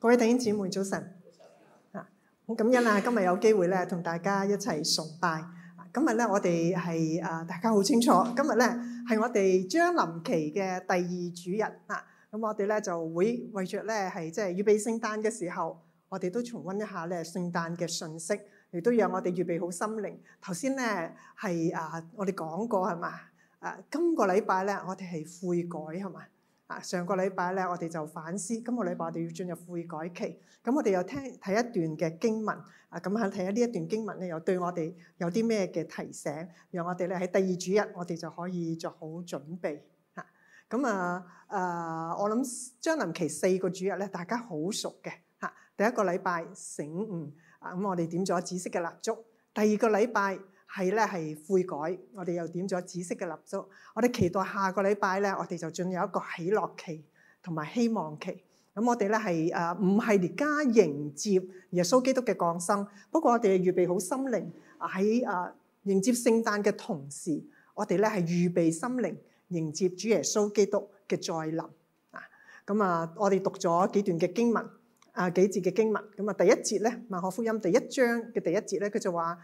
各位弟兄姊妹，早晨！啊、嗯，感恩啊，今日有機會咧，同大家一齊崇拜。今日咧，我哋係啊，大家好清楚。今日咧，係我哋將臨期嘅第二主日。啊。咁、嗯、我哋咧就會為著咧係即係預備聖誕嘅時候，我哋都重溫一下咧聖誕嘅信息，亦都讓我哋預備好心靈。頭先咧係啊，我哋講過係嘛？啊，今個禮拜咧，我哋係悔改係嘛？啊！上個禮拜咧，我哋就反思。今個禮拜我哋要進入悔改期。咁我哋又聽睇一段嘅經文啊。咁喺睇下呢一段經文咧，又對我哋有啲咩嘅提醒，讓我哋咧喺第二主日，我哋就可以做好準備。嚇、啊！咁啊啊，我諗將臨期四個主日咧，大家好熟嘅嚇、啊。第一個禮拜醒悟啊，咁我哋點咗紫色嘅蠟燭。第二個禮拜。係咧，係悔改，我哋又點咗紫色嘅蠟燭。我哋期待下個禮拜咧，我哋就進入一個喜樂期同埋希望期。咁我哋咧係誒，唔係而家迎接耶穌基督嘅降生，不過我哋預備好心靈喺誒、啊、迎接聖誕嘅同時，我哋咧係預備心靈迎接主耶穌基督嘅再臨。啊，咁啊，我哋讀咗幾段嘅經文，啊幾節嘅經文。咁啊，第一節咧，《馬可福音》第一章嘅第一節咧，佢就話。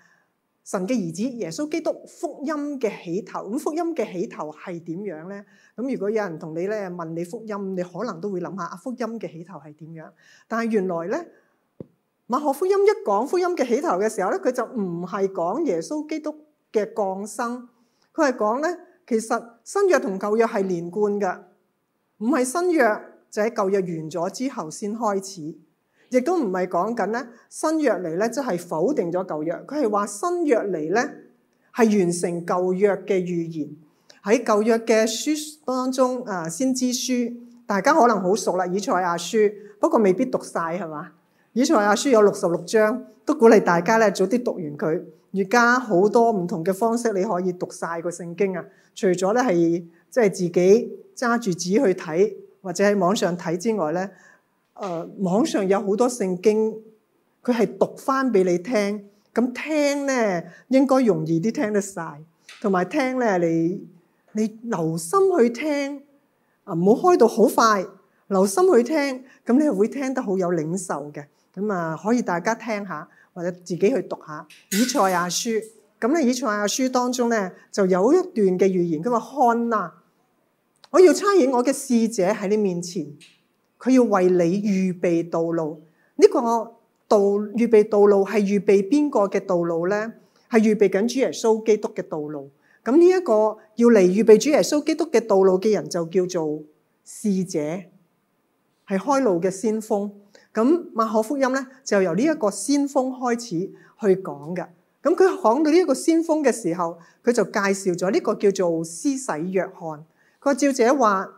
神嘅兒子耶穌基督福音嘅起頭，咁福音嘅起頭係點樣咧？咁如果有人同你咧問你福音，你可能都會諗下啊，福音嘅起頭係點樣？但係原來咧，馬可福音一講福音嘅起頭嘅時候咧，佢就唔係講耶穌基督嘅降生，佢係講咧其實新約同舊約係連貫㗎，唔係新約就喺舊約完咗之後先開始。亦都唔係講緊咧新約嚟咧，即係否定咗舊約。佢係話新約嚟咧係完成舊約嘅預言。喺舊約嘅書當中，啊先知書，大家可能好熟啦，以賽亞書。不過未必讀晒，係嘛？以賽亞書有六十六章，都鼓勵大家咧早啲讀完佢。而家好多唔同嘅方式，你可以讀晒個聖經啊。除咗咧係即係自己揸住紙去睇，或者喺網上睇之外咧。誒、uh, 網上有好多聖經，佢係讀翻俾你聽，咁聽咧應該容易啲聽得晒。同埋聽咧你你留心去聽啊，唔好開到好快，留心去聽，咁你就會聽得好有領受嘅。咁啊，可以大家聽下，或者自己去讀下以賽亞書。咁咧以賽亞書當中咧就有一段嘅預言，佢話，「看啊，我要差遣我嘅使者喺你面前。佢要為你預備道路，呢個道預備道路係預備邊個嘅道路呢？係預備緊主耶穌基督嘅道路。咁呢一個要嚟預備主耶穌基督嘅道路嘅人，就叫做使者，係開路嘅先鋒。咁馬可福音咧，就由呢一個先鋒開始去講嘅。咁佢講到呢一個先鋒嘅時候，佢就介紹咗呢個叫做施洗約翰個照者話。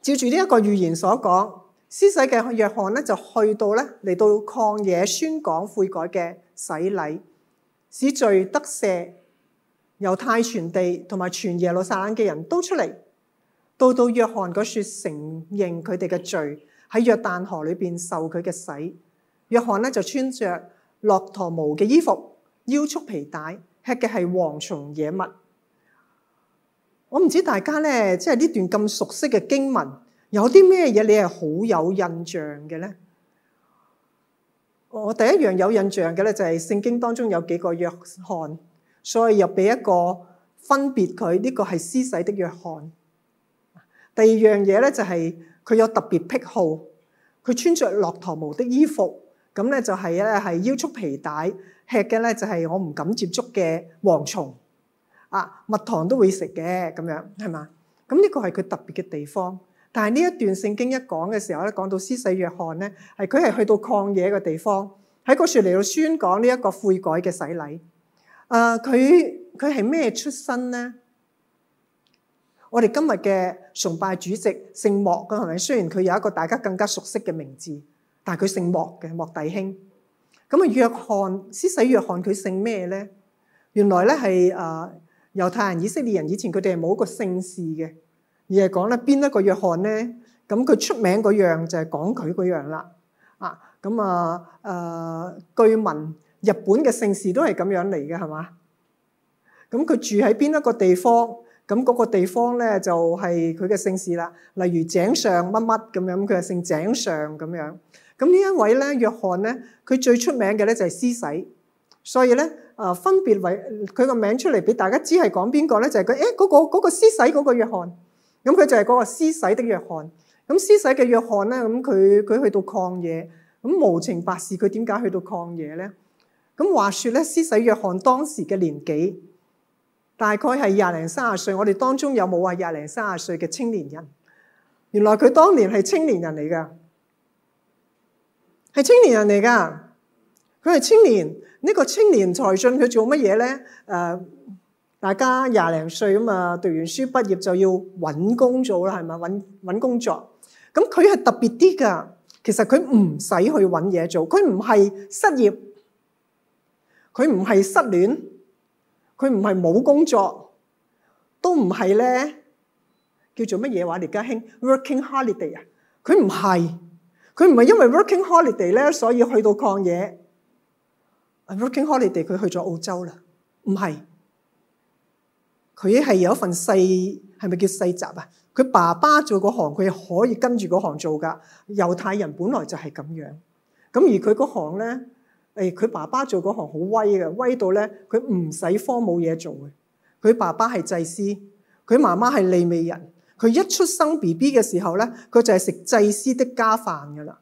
照住呢一個預言所講，施洗嘅約翰呢就去到咧，嚟到曠野宣講悔改嘅洗禮，使罪得赦。猶太全地同埋全耶路撒冷嘅人都出嚟，到到約翰嗰處承認佢哋嘅罪，喺約旦河裏邊受佢嘅洗。約翰呢就穿着駱駝毛嘅衣服，腰束皮帶，吃嘅係蝗蟲野蜜。我唔知大家咧，即係呢段咁熟悉嘅經文，有啲咩嘢你係好有印象嘅咧？我第一樣有印象嘅咧，就係聖經當中有幾個約翰，所以又俾一個分別佢。呢個係施洗的約翰。第二樣嘢咧，就係佢有特別癖好，佢穿着駱駝毛的衣服，咁咧就係咧係腰束皮帶，吃嘅咧就係我唔敢接觸嘅蝗蟲。啊，蜜糖都會食嘅咁樣，係嘛？咁呢個係佢特別嘅地方。但係呢一段聖經一講嘅時候咧，講到施洗約翰咧，係佢係去到曠野嘅地方，喺嗰樹嚟到宣講呢一個悔改嘅洗禮。誒、呃，佢佢係咩出身咧？我哋今日嘅崇拜主席姓，姓莫嘅係咪？雖然佢有一個大家更加熟悉嘅名字，但係佢姓莫嘅，莫弟兄。咁啊，約翰施洗約翰佢姓咩咧？原來咧係誒。呃猶太人、以色列人以前佢哋係冇一個姓氏嘅，而係講咧邊一個約翰咧，咁佢出名嗰樣就係講佢嗰樣啦。啊，咁啊，誒、啊、據聞日本嘅姓氏都係咁樣嚟嘅，係嘛？咁佢住喺邊一個地方，咁、那、嗰個地方咧就係佢嘅姓氏啦。例如井上乜乜咁樣，佢就姓井上咁樣。咁呢一位咧約翰咧，佢最出名嘅咧就係施洗。所以咧，啊、呃、分別為佢個、呃、名出嚟俾大家知係講邊個咧？就係、是、佢，誒、欸、嗰、那個嗰、那個施洗嗰個約翰，咁佢就係嗰個施洗的約翰。咁施洗嘅約翰咧，咁佢佢去到曠野，咁無情白事，佢點解去到曠野咧？咁話説咧，施洗約翰當時嘅年紀大概係廿零卅歲。我哋當中有冇話廿零卅歲嘅青年人？原來佢當年係青年人嚟㗎，係青年人嚟㗎。佢係青年呢、這個青年才俊，佢做乜嘢咧？誒，大家廿零歲咁嘛，讀完書畢業就要揾工做啦，係咪？揾揾工作咁佢係特別啲噶。其實佢唔使去揾嘢做，佢唔係失業，佢唔係失戀，佢唔係冇工作，都唔係咧叫做乜嘢話？而家興 working holiday 啊？佢唔係佢唔係因為 working holiday 咧，所以去到曠野。Working holiday 佢去咗澳洲啦，唔係，佢係有一份世，係咪叫世襲啊？佢爸爸做嗰行，佢可以跟住嗰行做噶。猶太人本來就係咁樣，咁而佢嗰行咧，誒佢爸爸做嗰行好威嘅，威到咧佢唔使慌冇嘢做嘅。佢爸爸係祭司，佢媽媽係利未人，佢一出生 B B 嘅時候咧，佢就係食祭司的家飯噶啦，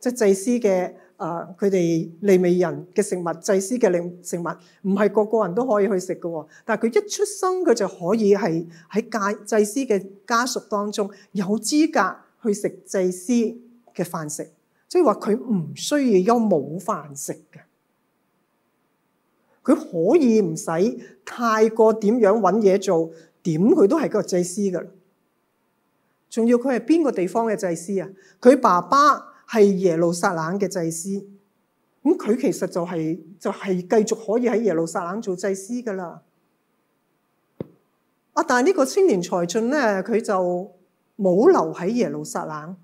即係祭司嘅。啊！佢哋、呃、利未人嘅食物，祭司嘅令食物，唔係個個人都可以去食嘅、哦。但係佢一出生，佢就可以係喺祭祭司嘅家屬當中有資格去食祭司嘅飯食。即係話佢唔需要有冇飯食嘅，佢可以唔使太過點樣揾嘢做，點佢都係個祭司噶。仲要佢係邊個地方嘅祭司啊？佢爸爸。係耶路撒冷嘅祭司，咁佢其實就係就係繼續可以喺耶路撒冷做祭司噶啦。啊！但係呢個青年才俊咧，佢就冇留喺耶路撒冷，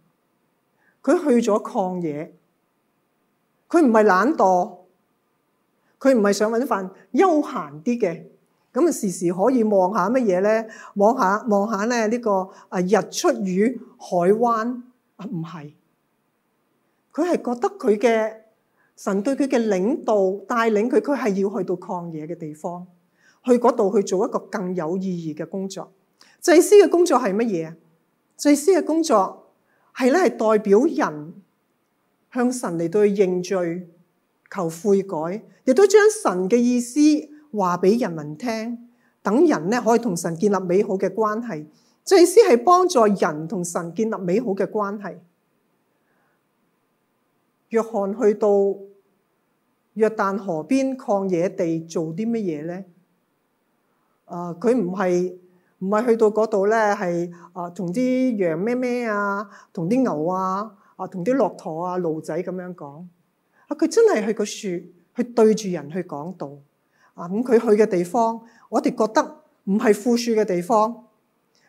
佢去咗曠野。佢唔係懶惰，佢唔係想揾飯休閒啲嘅，咁啊時時可以望下乜嘢咧？望下望下咧呢個啊日出與海灣啊，唔係。佢係覺得佢嘅神對佢嘅領導帶領佢，佢係要去到曠野嘅地方，去嗰度去做一個更有意義嘅工作。祭司嘅工作係乜嘢？祭司嘅工作係咧係代表人向神嚟到去認罪、求悔改，亦都將神嘅意思話俾人民聽，等人咧可以同神建立美好嘅關係。祭司係幫助人同神建立美好嘅關係。約翰去到約旦河邊曠野地做啲乜嘢咧？呃呃、咪咪啊，佢唔係唔係去到嗰度咧，係啊，同啲羊咩咩啊，同啲牛啊，啊，同啲駱駝啊、驢仔咁樣講。啊，佢真係去個樹，去對住人去講道。啊，咁、嗯、佢去嘅地方，我哋覺得唔係富庶嘅地方。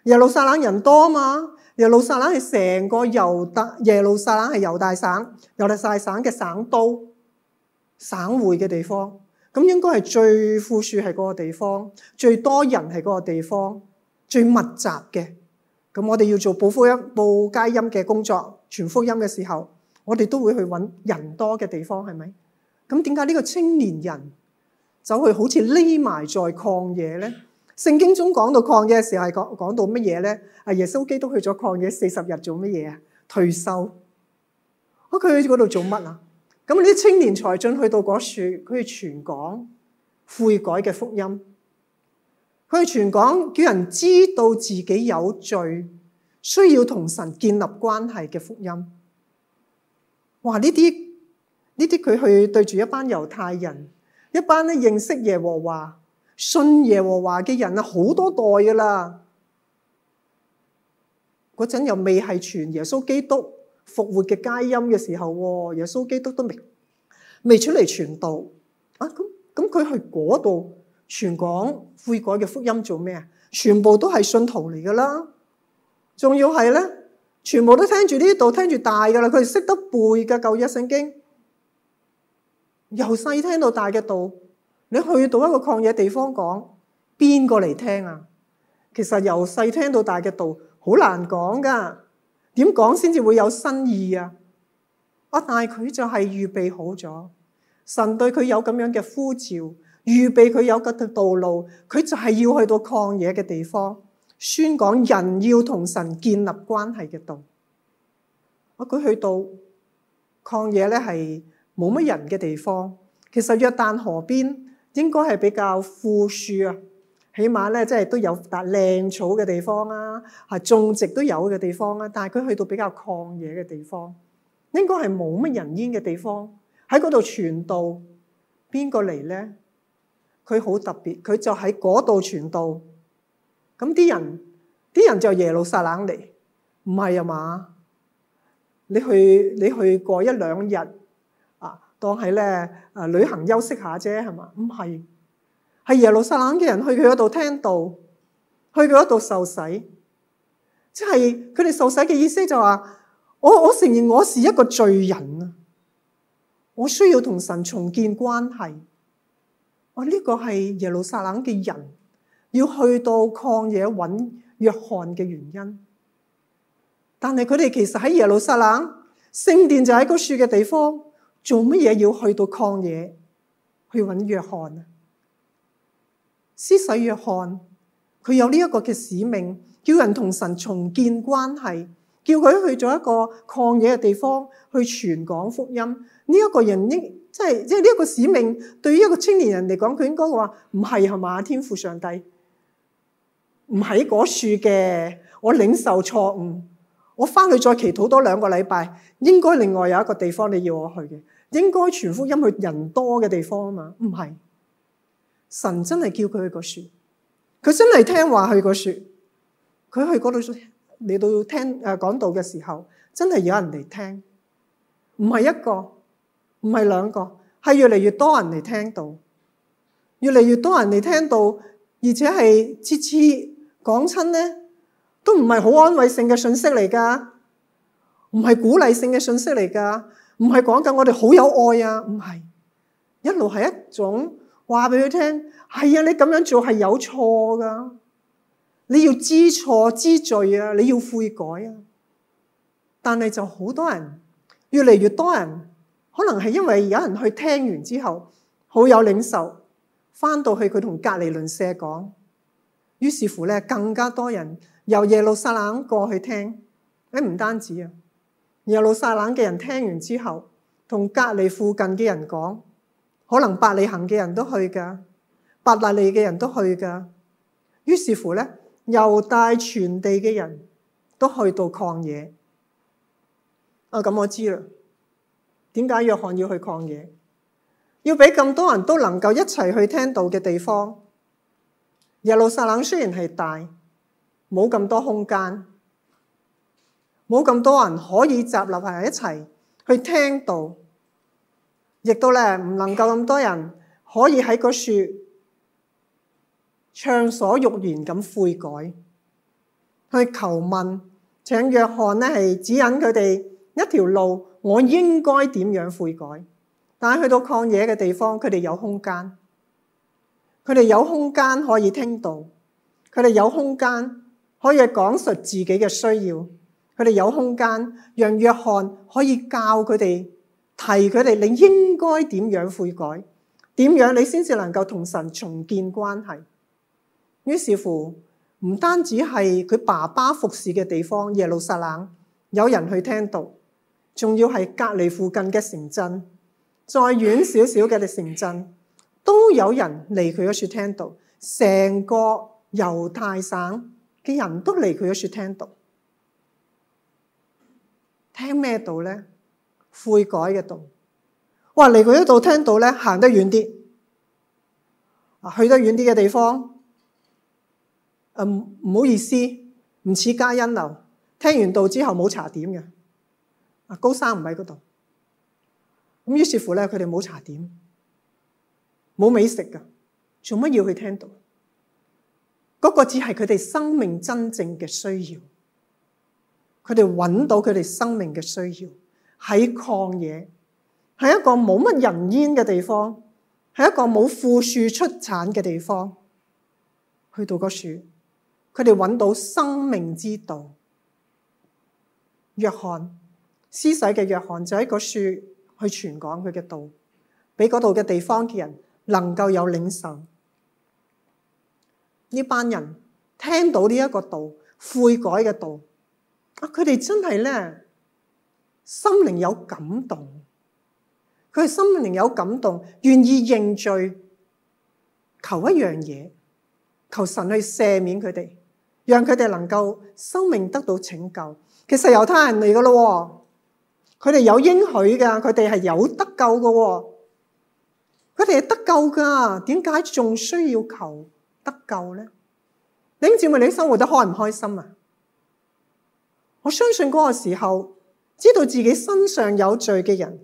耶路撒冷人多嘛，耶路撒冷係成個猶大，耶路撒冷係猶大省、猶大省嘅省都，省會嘅地方，咁應該係最富庶係嗰個地方，最多人係嗰個地方，最密集嘅。咁我哋要做報福音、報佳音嘅工作，傳福音嘅時候，我哋都會去揾人多嘅地方，係咪？咁點解呢個青年人走去好似匿埋在曠野呢？聖經中講到曠野嘅時候係講講到乜嘢咧？阿耶穌基督去咗曠野四十日做乜嘢啊？退休。咁佢去嗰度做乜啊？咁啲青年才俊去到嗰樹，佢去傳講悔改嘅福音。佢去傳講叫人知道自己有罪，需要同神建立關係嘅福音。哇！呢啲呢啲佢去對住一班猶太人，一班咧認識耶和華。信耶和華嘅人啊，好多代噶啦。嗰陣又未係傳耶穌基督復活嘅佳音嘅時候，耶穌基督都未未出嚟傳道啊！咁咁佢去嗰度傳講悔改嘅福音做咩啊？全部都係信徒嚟噶啦，仲要係咧，全部都聽住呢度聽住大噶啦，佢哋識得背噶舊約聖經，由細聽到大嘅道。你去到一個曠野地方講，邊個嚟聽啊？其實由細聽到大嘅道，好難講噶。點講先至會有新意啊！啊，但係佢就係預備好咗，神對佢有咁樣嘅呼召，預備佢有個道路，佢就係要去到曠野嘅地方宣講人要同神建立關係嘅道。我、啊、佢去到曠野咧，係冇乜人嘅地方。其實約旦河邊。應該係比較富庶啊，起碼咧即係都有笪靚草嘅地方啊，係種植都有嘅地方啊。但係佢去到比較曠野嘅地方，應該係冇乜人煙嘅地方，喺嗰度傳道，邊個嚟咧？佢好特別，佢就喺嗰度傳道。咁啲人，啲人就係耶路撒冷嚟，唔係啊嘛？你去你去過一兩日。當喺咧，啊、呃，旅行休息下啫，係嘛？唔係，係耶路撒冷嘅人去佢嗰度聽道，去佢嗰度受洗，即係佢哋受洗嘅意思就話、是：我我承認我是一個罪人啊，我需要同神重建關係。我、哦、呢、這個係耶路撒冷嘅人要去到曠野揾約翰嘅原因，但係佢哋其實喺耶路撒冷聖殿就喺嗰樹嘅地方。做乜嘢要去到曠野去搵約翰啊？施洗約翰佢有呢一個嘅使命，叫人同神重建關係，叫佢去咗一個曠野嘅地方去傳講福音。呢、這、一個人應即係即係呢一個使命，對於一個青年人嚟講，佢應該話唔係，係嘛？天父上帝唔喺嗰處嘅，我領受錯誤。我翻去再祈禱多兩個禮拜，應該另外有一個地方你要我去嘅，應該傳福音去人多嘅地方啊嘛，唔係神真係叫佢去個樹，佢真係聽話去個樹，佢去嗰度你到聽誒、呃、講道嘅時候，真係有人嚟聽，唔係一個，唔係兩個，係越嚟越多人嚟聽到，越嚟越多人嚟聽到，而且係次次講親咧。都唔係好安慰性嘅信息嚟噶，唔係鼓勵性嘅信息嚟噶，唔係講緊我哋好有愛啊，唔係，一路係一種話俾佢聽，係啊，你咁樣做係有錯噶，你要知錯知罪啊，你要悔改啊，但係就好多人越嚟越多人，可能係因為有人去聽完之後好有領受，翻到去佢同隔籬鄰舍講。於是乎咧，更加多人由耶路撒冷過去聽，誒唔單止啊，耶路撒冷嘅人聽完之後，同隔籬附近嘅人講，可能伯利恆嘅人都去噶，伯納利嘅人都去噶。於是乎咧，猶太全地嘅人都去到曠野。啊，咁我知啦，點解約翰要去曠野，要俾咁多人都能夠一齊去聽到嘅地方？耶路撒冷雖然係大，冇咁多空間，冇咁多人可以集立喺一齊去聽道，亦都咧唔能夠咁多人可以喺個樹暢所欲言咁悔改，去求問請約翰咧係指引佢哋一條路，我應該點樣悔改？但係去到曠野嘅地方，佢哋有空間。佢哋有空間可以聽道，佢哋有空間可以講述自己嘅需要，佢哋有空間讓約翰可以教佢哋提佢哋，你應該點樣悔改？點樣你先至能夠同神重建關係？於是乎，唔單止係佢爸爸服侍嘅地方耶路撒冷有人去聽道，仲要係隔離附近嘅城鎮，再遠少少嘅城鎮。都有人嚟佢嗰雪聽道，成個猶太省嘅人都嚟佢嗰雪聽道，聽咩道咧？悔改嘅道。哇！嚟佢度聽道咧，行得遠啲，啊去得遠啲嘅地方。嗯、呃，唔好意思，唔似加恩樓。聽完道之後冇茶點嘅，啊高山唔喺嗰度。咁於是乎咧，佢哋冇茶點。冇美食噶，做乜要去聽道？嗰個只係佢哋生命真正嘅需要，佢哋揾到佢哋生命嘅需要喺曠野，喺一個冇乜人煙嘅地方，喺一個冇富庶出產嘅地方去到個樹，佢哋揾到生命之道。約翰施洗嘅約翰就喺嗰樹去傳講佢嘅道，俾嗰度嘅地方嘅人。能夠有領受，呢班人聽到呢一個道，悔改嘅道啊，佢哋真係咧，心靈有感動，佢哋心靈有感動，願意認罪，求一樣嘢，求神去赦免佢哋，讓佢哋能夠生命得到拯救。其實猶太人嚟噶咯，佢哋有應許噶，佢哋係有得救噶。佢哋係得救噶，點解仲需要求得救咧？你唔知問，你生活得開唔開心啊？我相信嗰個時候，知道自己身上有罪嘅人，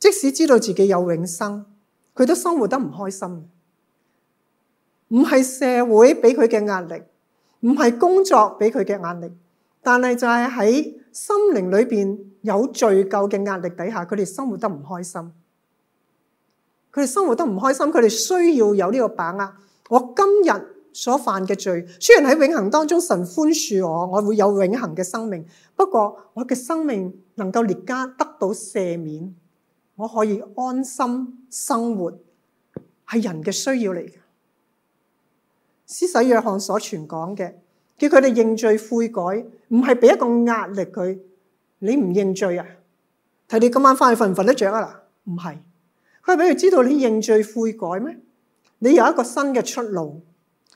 即使知道自己有永生，佢都生活得唔開心。唔係社會俾佢嘅壓力，唔係工作俾佢嘅壓力，但係就係喺心靈裏邊有罪疚嘅壓力底下，佢哋生活得唔開心。佢哋生活得唔開心，佢哋需要有呢個把握。我今日所犯嘅罪，雖然喺永恒當中神寬恕我，我會有永恒嘅生命。不過我嘅生命能夠列加得到赦免，我可以安心生活，係人嘅需要嚟。施洗約翰所傳講嘅，叫佢哋認罪悔改，唔係俾一個壓力佢。你唔認罪啊？睇你今晚翻去瞓唔瞓得着啊？啦，唔係。佢俾佢知道你認罪悔改咩？你有一個新嘅出路，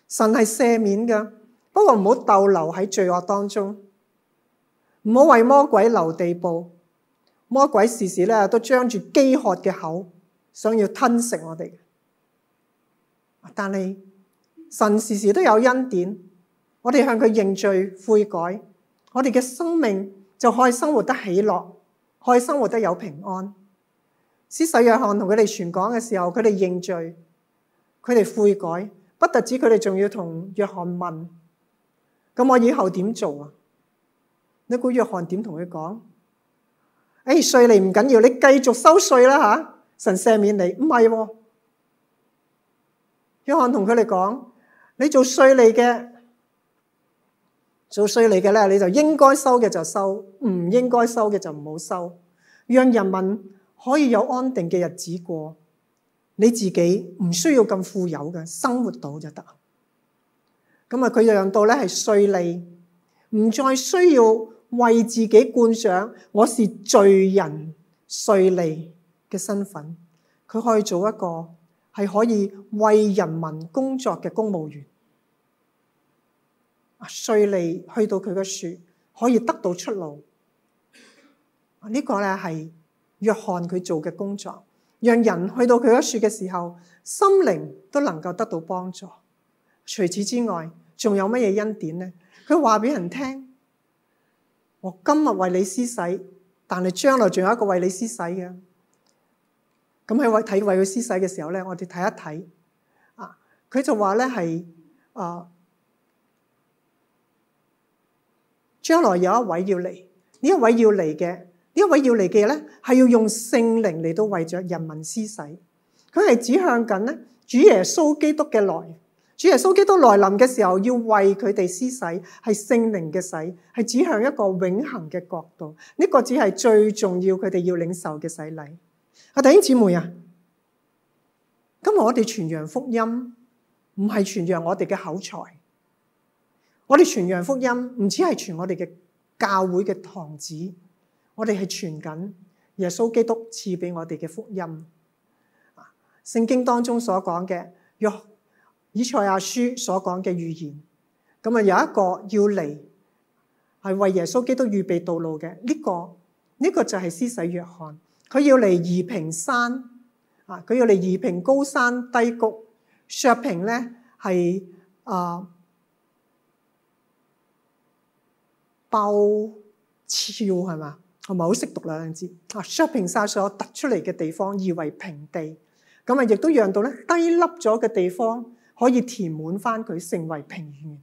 神係赦免㗎。不過唔好逗留喺罪惡當中，唔好為魔鬼留地步。魔鬼時時咧都張住飢渴嘅口，想要吞食我哋。但係神時時都有恩典，我哋向佢認罪悔改，我哋嘅生命就可以生活得喜樂，可以生活得有平安。施洗約翰同佢哋傳講嘅時候，佢哋認罪，佢哋悔改，不特止佢哋，仲要同約翰問：咁我以後點做啊？你估約翰點同佢講？誒，稅吏唔緊要，你繼續收稅啦吓。神赦免你。唔係，約翰同佢哋講：你做稅吏嘅，做稅吏嘅咧，你就應該收嘅就收，唔應該收嘅就唔好收，讓人民。可以有安定嘅日子過，你自己唔需要咁富有嘅生活到就得。咁啊，佢讓到咧係稅吏，唔再需要為自己冠上我是罪人、稅吏嘅身份。佢可以做一個係可以為人民工作嘅公務員。啊，稅吏去到佢嘅樹，可以得到出路。呢、這個咧係。約翰佢做嘅工作，讓人去到佢嗰處嘅時候，心靈都能夠得到幫助。除此之外，仲有乜嘢恩典呢？佢話俾人聽：我今日為你施洗，但係將來仲有一個為你施洗嘅。咁喺為睇為佢施洗嘅時候咧，我哋睇一睇啊，佢就話咧係啊，將來有一位要嚟，呢一位要嚟嘅。呢一位要嚟嘅咧，係要用聖靈嚟到為着人民施洗。佢係指向緊咧主耶穌基督嘅來，主耶穌基督來臨嘅時候要為佢哋施洗，係聖靈嘅洗，係指向一個永恒嘅角度。呢、這個只係最重要，佢哋要領受嘅洗禮。阿弟兄姊妹啊，今日我哋傳揚福音唔係傳揚我哋嘅口才，我哋傳揚福音唔止係傳我哋嘅教會嘅堂子。我哋係傳緊耶穌基督賜俾我哋嘅福音，聖、啊、經當中所講嘅，約以賽亞書所講嘅預言，咁啊有一個要嚟，係為耶穌基督預備道路嘅，呢、這個呢、這個就係施洗約翰，佢要嚟夷平山，啊佢要嚟夷平高山低谷，削平咧係啊爆超係嘛？唔係好識讀兩字啊！shopping 晒所有突出嚟嘅地方，夷為平地，咁啊，亦都讓到咧低凹咗嘅地方可以填滿翻佢，成為平原。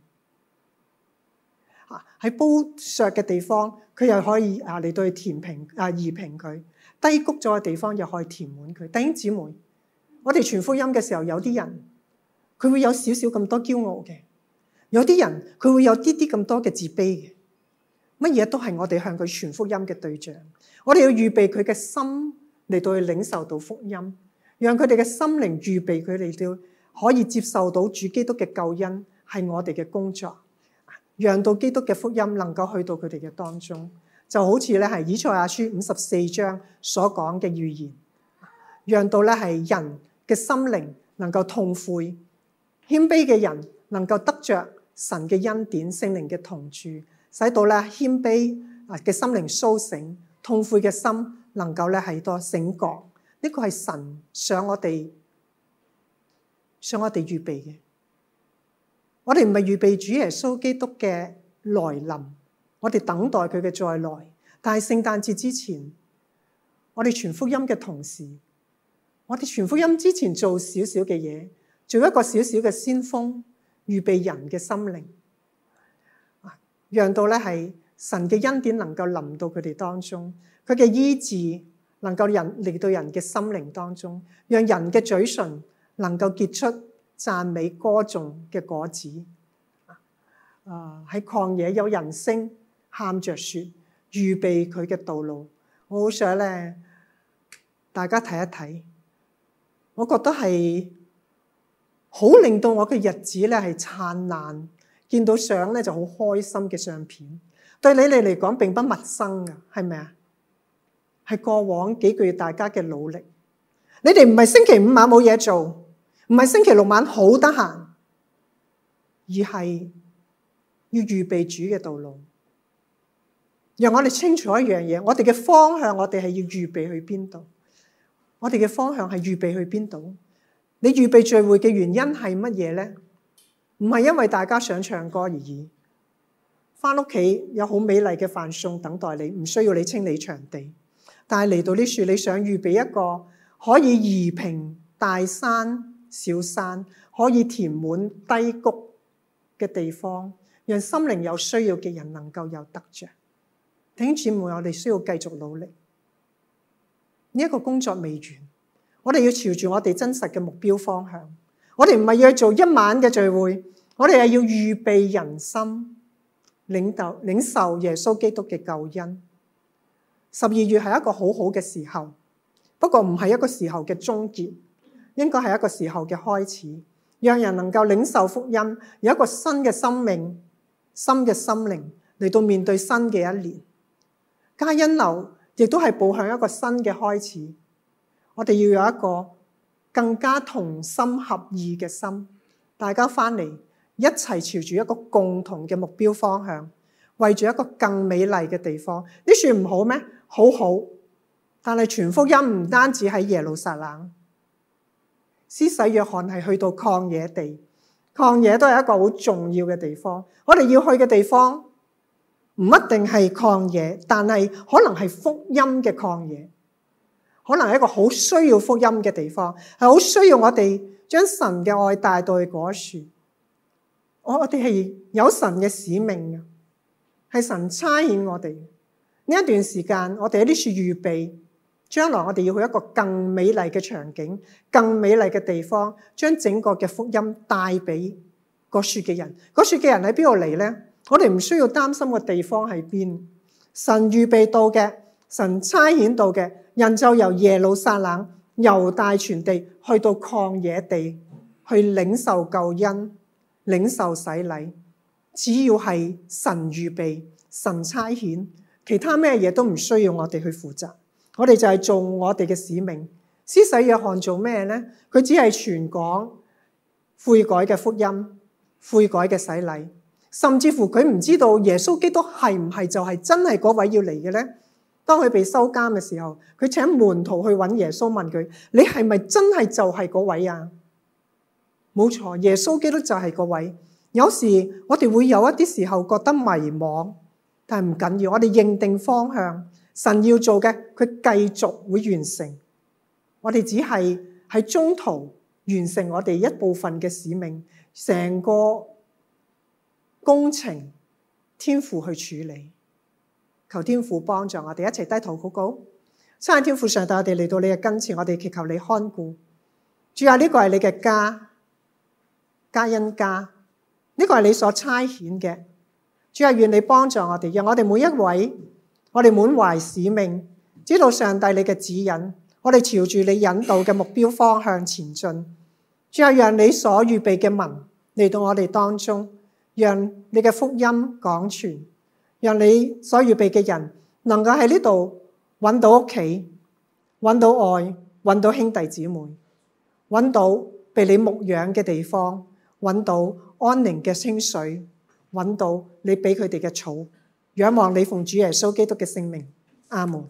啊，喺煲削嘅地方，佢又可以啊嚟到去填平啊夷平佢，低谷咗嘅地方，又可以填滿佢。弟兄姊妹，我哋傳福音嘅時候，有啲人佢會有少少咁多驕傲嘅，有啲人佢會有啲啲咁多嘅自卑嘅。乜嘢都係我哋向佢傳福音嘅對象，我哋要預備佢嘅心嚟到去領受到福音，讓佢哋嘅心靈預備佢哋都可以接受到主基督嘅救恩，係我哋嘅工作，讓到基督嘅福音能夠去到佢哋嘅當中，就好似咧係以賽亞書五十四章所講嘅預言，讓到咧係人嘅心靈能夠痛悔、謙卑嘅人能夠得着神嘅恩典、聖靈嘅同住。使到咧謙卑啊嘅心靈蘇醒，痛悔嘅心能夠咧喺度醒覺。呢個係神想我哋想我哋預備嘅。我哋唔係預備主耶穌基督嘅來臨，我哋等待佢嘅再來。但係聖誕節之前，我哋傳福音嘅同時，我哋傳福音之前做少少嘅嘢，做一個少少嘅先鋒，預備人嘅心靈。讓到咧係神嘅恩典能夠臨到佢哋當中，佢嘅醫治能夠人嚟到人嘅心靈當中，讓人嘅嘴唇能夠結出讚美歌頌嘅果子。啊、呃，喺曠野有人聲喊着說，預備佢嘅道路。我好想咧，大家睇一睇，我覺得係好令到我嘅日子咧係燦爛。見到相咧就好開心嘅相片，對你哋嚟講並不陌生噶，係咪啊？係過往幾個月大家嘅努力，你哋唔係星期五晚冇嘢做，唔係星期六晚好得閒，而係要預備主嘅道路。讓我哋清楚一樣嘢，我哋嘅方向，我哋係要預備去邊度？我哋嘅方向係預備去邊度？你預備聚會嘅原因係乜嘢呢？唔係因為大家想唱歌而已，翻屋企有好美麗嘅飯餸等待你，唔需要你清理場地。但係嚟到呢處，你想預備一個可以移平大山小山，可以填滿低谷嘅地方，讓心靈有需要嘅人能夠有得着。弟兄姊妹，我哋需要繼續努力，呢一個工作未完，我哋要朝住我哋真實嘅目標方向。我哋唔係要做一晚嘅聚會，我哋係要預備人心，領受耶穌基督嘅救恩。十二月係一個好好嘅時候，不過唔係一個時候嘅終結，應該係一個時候嘅開始，讓人能夠領受福音，有一個新嘅生命、新嘅心靈嚟到面對新嘅一年。加恩樓亦都係步向一個新嘅開始，我哋要有一個，更加同心合意嘅心，大家翻嚟一齊朝住一個共同嘅目標方向，為住一個更美麗嘅地方，呢算唔好咩？好好，但係全福音唔單止喺耶路撒冷，施洗約翰係去到曠野地，曠野都係一個好重要嘅地方。我哋要去嘅地方唔一定係曠野，但係可能係福音嘅曠野。可能係一個好需要福音嘅地方，係好需要我哋將神嘅愛帶到去嗰處。我我哋係有神嘅使命嘅，係神差遣我哋。呢一段時間，我哋喺呢處預備，將來我哋要去一個更美麗嘅場景、更美麗嘅地方，將整個嘅福音帶俾嗰處嘅人。嗰處嘅人喺邊度嚟呢？我哋唔需要擔心個地方喺邊。神預備到嘅，神差遣到嘅。人就由耶路撒冷、猶大全地去到曠野地，去領受救恩、領受洗禮。只要係神預備、神差遣，其他咩嘢都唔需要我哋去負責。我哋就係做我哋嘅使命。施洗約翰做咩咧？佢只係傳講悔改嘅福音、悔改嘅洗禮，甚至乎佢唔知道耶穌基督係唔係就係真係嗰位要嚟嘅咧。當佢被收監嘅時候，佢請門徒去揾耶穌問佢：你係咪真係就係嗰位啊？冇錯，耶穌基督就係嗰位。有時我哋會有一啲時候覺得迷茫，但係唔緊要，我哋認定方向，神要做嘅，佢繼續會完成。我哋只係喺中途完成我哋一部分嘅使命，成個工程天父去處理。求天父幫助我哋一齊低頭禱告，求天父上帝我哋嚟到你嘅跟前，我哋祈求你看顧，主啊，呢個係你嘅家，加恩家，呢個係你所差遣嘅，主啊，願你幫助我哋，讓我哋每一位，我哋滿懷使命，知道上帝你嘅指引，我哋朝住你引導嘅目標方向前進。主啊，讓你所預備嘅文嚟到我哋當中，讓你嘅福音廣傳。讓你所預備嘅人能夠喺呢度揾到屋企，揾到愛，揾到兄弟姊妹，揾到被你牧養嘅地方，揾到安寧嘅清水，揾到你畀佢哋嘅草，仰望你奉主耶穌基督嘅聖名。阿門。